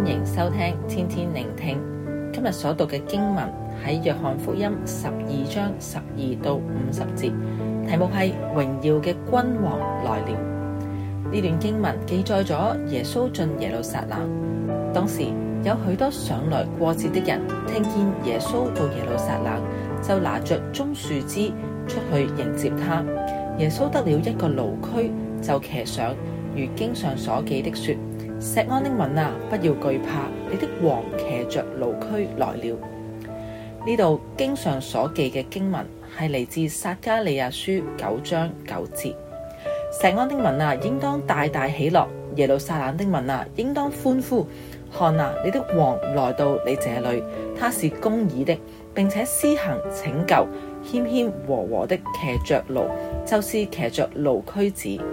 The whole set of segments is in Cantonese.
歡迎收聽天天靈聽。今日所讀嘅經文喺《約翰福音》十二章十二到五十節，題目係《榮耀嘅君王來了》。呢段經文記載咗耶穌進耶路撒冷，當時有許多上來過節的人，聽見耶穌到耶路撒冷，就拿着棕樹枝出去迎接他。耶穌得了一個驢駒，就騎上，如經上所記的說。錫安的民啊，不要懼怕，你的王騎着驢駒來了。呢度經上所記嘅經文係嚟自撒迦利亞書九章九節。錫安的民啊，應當大大喜樂；耶路撒冷的民啊，應當歡呼。看啊，你的王來到你這裏，他是公義的，並且施行拯救，謙謙和和的騎着驢，就是騎着驢駒子。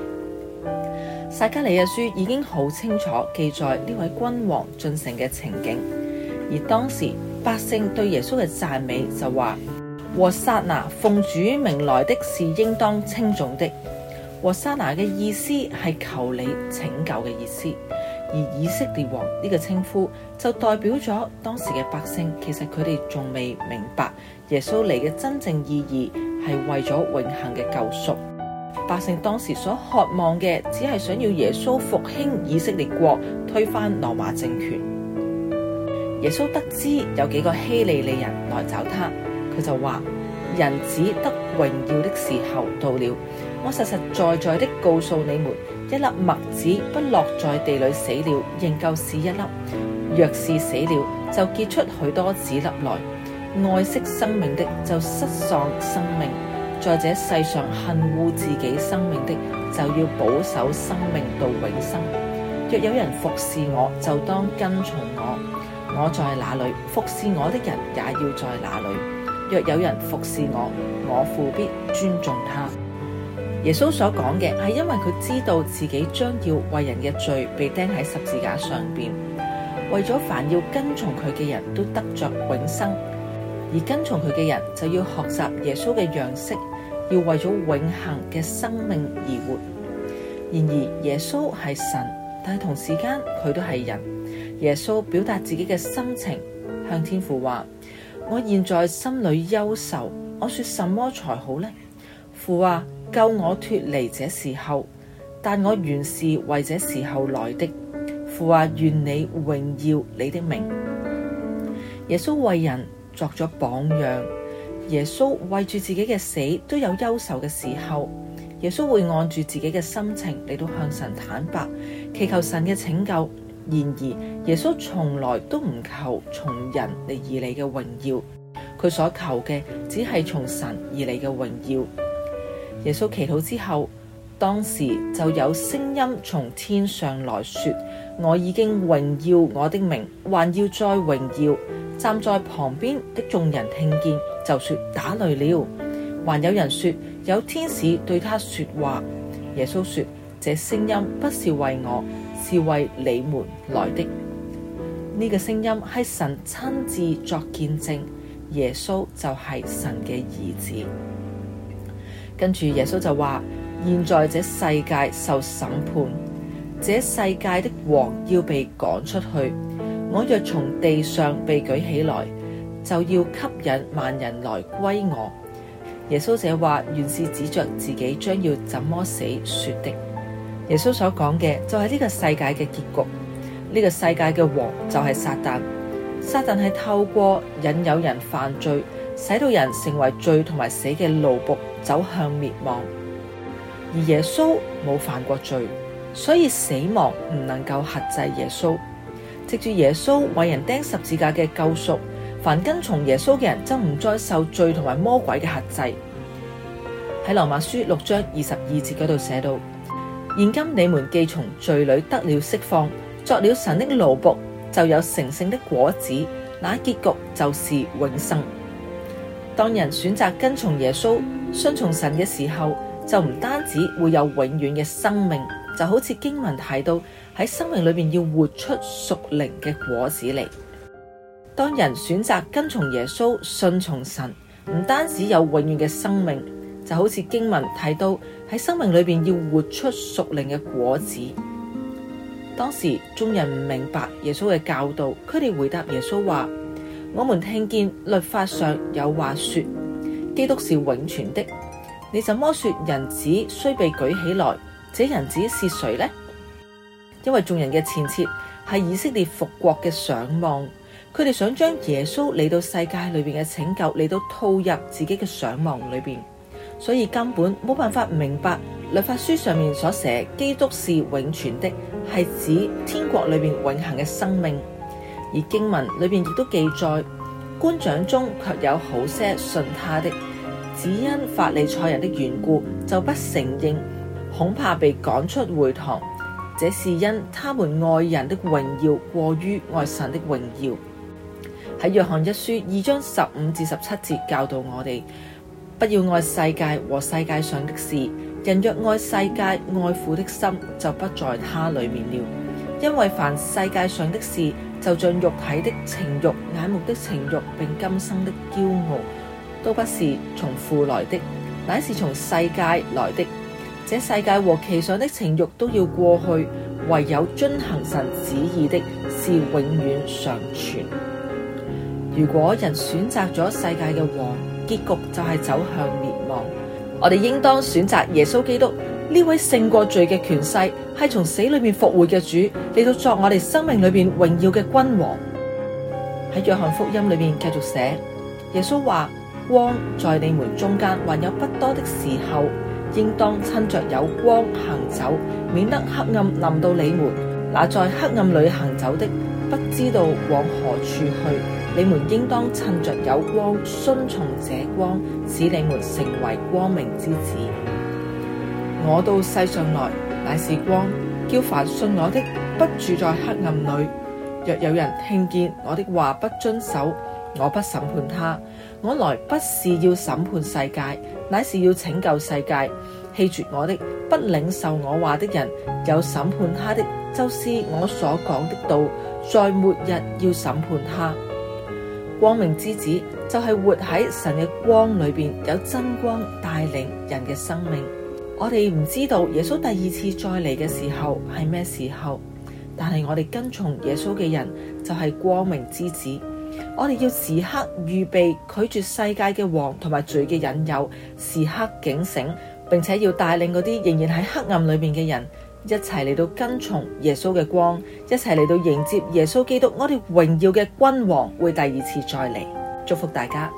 撒迦利亞書已經好清楚記載呢位君王進城嘅情景，而當時百姓對耶穌嘅讚美就話：和散那，奉主名來的是應當稱頌的。和散那嘅意思係求你拯救嘅意思，而以色列王呢個稱呼就代表咗當時嘅百姓，其實佢哋仲未明白耶穌嚟嘅真正意義係為咗永恒嘅救贖。百姓當時所渴望嘅，只係想要耶穌復興以色列國，推翻羅馬政權。耶穌得知有幾個希利利人來找他，佢就話：人子得榮耀的時候到了。我實實在在的告訴你們，一粒麥子不落在地裏死了，仍舊是一粒；若是死了，就結出許多子粒來。愛惜生命的就失喪生命。在這世上恨惡自己生命的，就要保守生命到永生。若有人服侍我，就當跟從我。我在哪裏，服侍我的人也要在哪裏。若有人服侍我，我父必尊重他。耶穌所講嘅係因為佢知道自己將要為人嘅罪被釘喺十字架上邊，為咗凡要跟從佢嘅人都得着永生。而跟從佢嘅人就要學習耶穌嘅樣式，要為咗永恆嘅生命而活。然而耶穌係神，但係同時間佢都係人。耶穌表達自己嘅心情向天父話：「我現在心裏憂愁，我說什麼才好呢？父啊，救我脫離這時候，但我原是為這時候來的。父啊，願你榮耀你的名。」耶穌為人。作咗榜樣，耶穌為住自己嘅死都有憂愁嘅時候，耶穌會按住自己嘅心情嚟到向神坦白，祈求神嘅拯救。然而，耶穌從來都唔求從人嚟而嚟嘅榮耀，佢所求嘅只係從神而嚟嘅榮耀。耶穌祈禱之後。當時就有聲音從天上來說：我已經榮耀我的名，還要再榮耀。站在旁邊的眾人聽見，就說，打雷了。還有人說，有天使對他說話。耶穌說：這聲音不是為我，是為你們來的。呢、這個聲音係神親自作見證，耶穌就係神嘅兒子。跟住耶穌就話。現在這世界受審判，這世界的王要被趕出去。我若從地上被舉起來，就要吸引萬人來歸我。耶穌這話原是指着自己將要怎麼死說的。耶穌所講嘅就係呢個世界嘅結局，呢個世界嘅王就係撒旦，撒旦係透過引誘人犯罪，使到人成為罪同埋死嘅奴僕，走向滅亡。而耶穌冇犯過罪，所以死亡唔能夠轄制耶穌。藉住耶穌為人釘十字架嘅救贖，凡跟從耶穌嘅人就唔再受罪同埋魔鬼嘅轄制。喺羅馬書六章二十二節嗰度寫到：「現今你們既從罪裏得了釋放，作了神的奴僕，就有成聖的果子，那結局就是永生。」當人選擇跟從耶穌、信從神嘅時候，就唔單止會有永遠嘅生命，就好似經文提到喺生命裏邊要活出屬靈嘅果子嚟。當人選擇跟從耶穌、信從神，唔單止有永遠嘅生命，就好似經文提到喺生命裏邊要活出屬靈嘅果子。當時眾人唔明白耶穌嘅教導，佢哋回答耶穌話：我們聽見律法上有話說，基督是永存的。你怎麼說人子需被舉起來？這人子是誰呢？因為眾人嘅前設係以色列復國嘅想望，佢哋想將耶穌嚟到世界裏邊嘅拯救嚟到套入自己嘅想望裏邊，所以根本冇辦法明白律法書上面所寫基督是永存的，係指天國裏邊永恆嘅生命。而經文裏面亦都記載，官長中卻有好些信他的。只因法利賽人的緣故，就不承認，恐怕被趕出會堂。這是因他們愛人的榮耀過於愛神的榮耀。喺約翰一書二章十五至十七節教導我哋，不要愛世界和世界上的事。人若愛世界，愛父的心就不在他裏面了。因為凡世界上的事，就像肉體的情欲、眼目的情欲，並今生的驕傲。都不是從父來的，乃是從世界來的。這世界和其上的情欲都要過去，唯有遵行神旨意的，是永遠常存。如果人選擇咗世界嘅王，結局就係走向滅亡。我哋應當選擇耶穌基督，呢位勝過罪嘅權勢，係從死裏面復活嘅主，嚟到作我哋生命裏邊榮耀嘅君王。喺約翰福音裏面繼續寫，耶穌話。光在你們中間還有不多的時候，應當趁着有光行走，免得黑暗臨到你們。那在黑暗裏行走的，不知道往何處去。你們應當趁着有光，信從這光，使你們成為光明之子。我到世上來，乃是光，叫凡信我的，不住在黑暗裏。若有人聽見我的話不遵守，我不審判他。我來不是要審判世界，乃是要拯救世界。棄絕我的，不領受我話的人，有審判他的，就是我所講的道，在末日要審判他。光明之子就係活喺神嘅光裏邊，有真光帶領人嘅生命。我哋唔知道耶穌第二次再嚟嘅時候係咩時候，但係我哋跟從耶穌嘅人就係光明之子。我哋要時刻預備拒絕世界嘅王同埋罪嘅引誘，時刻警醒，並且要帶領嗰啲仍然喺黑暗裏面嘅人一齊嚟到跟從耶穌嘅光，一齊嚟到迎接耶穌基督。我哋榮耀嘅君王會第二次再嚟，祝福大家。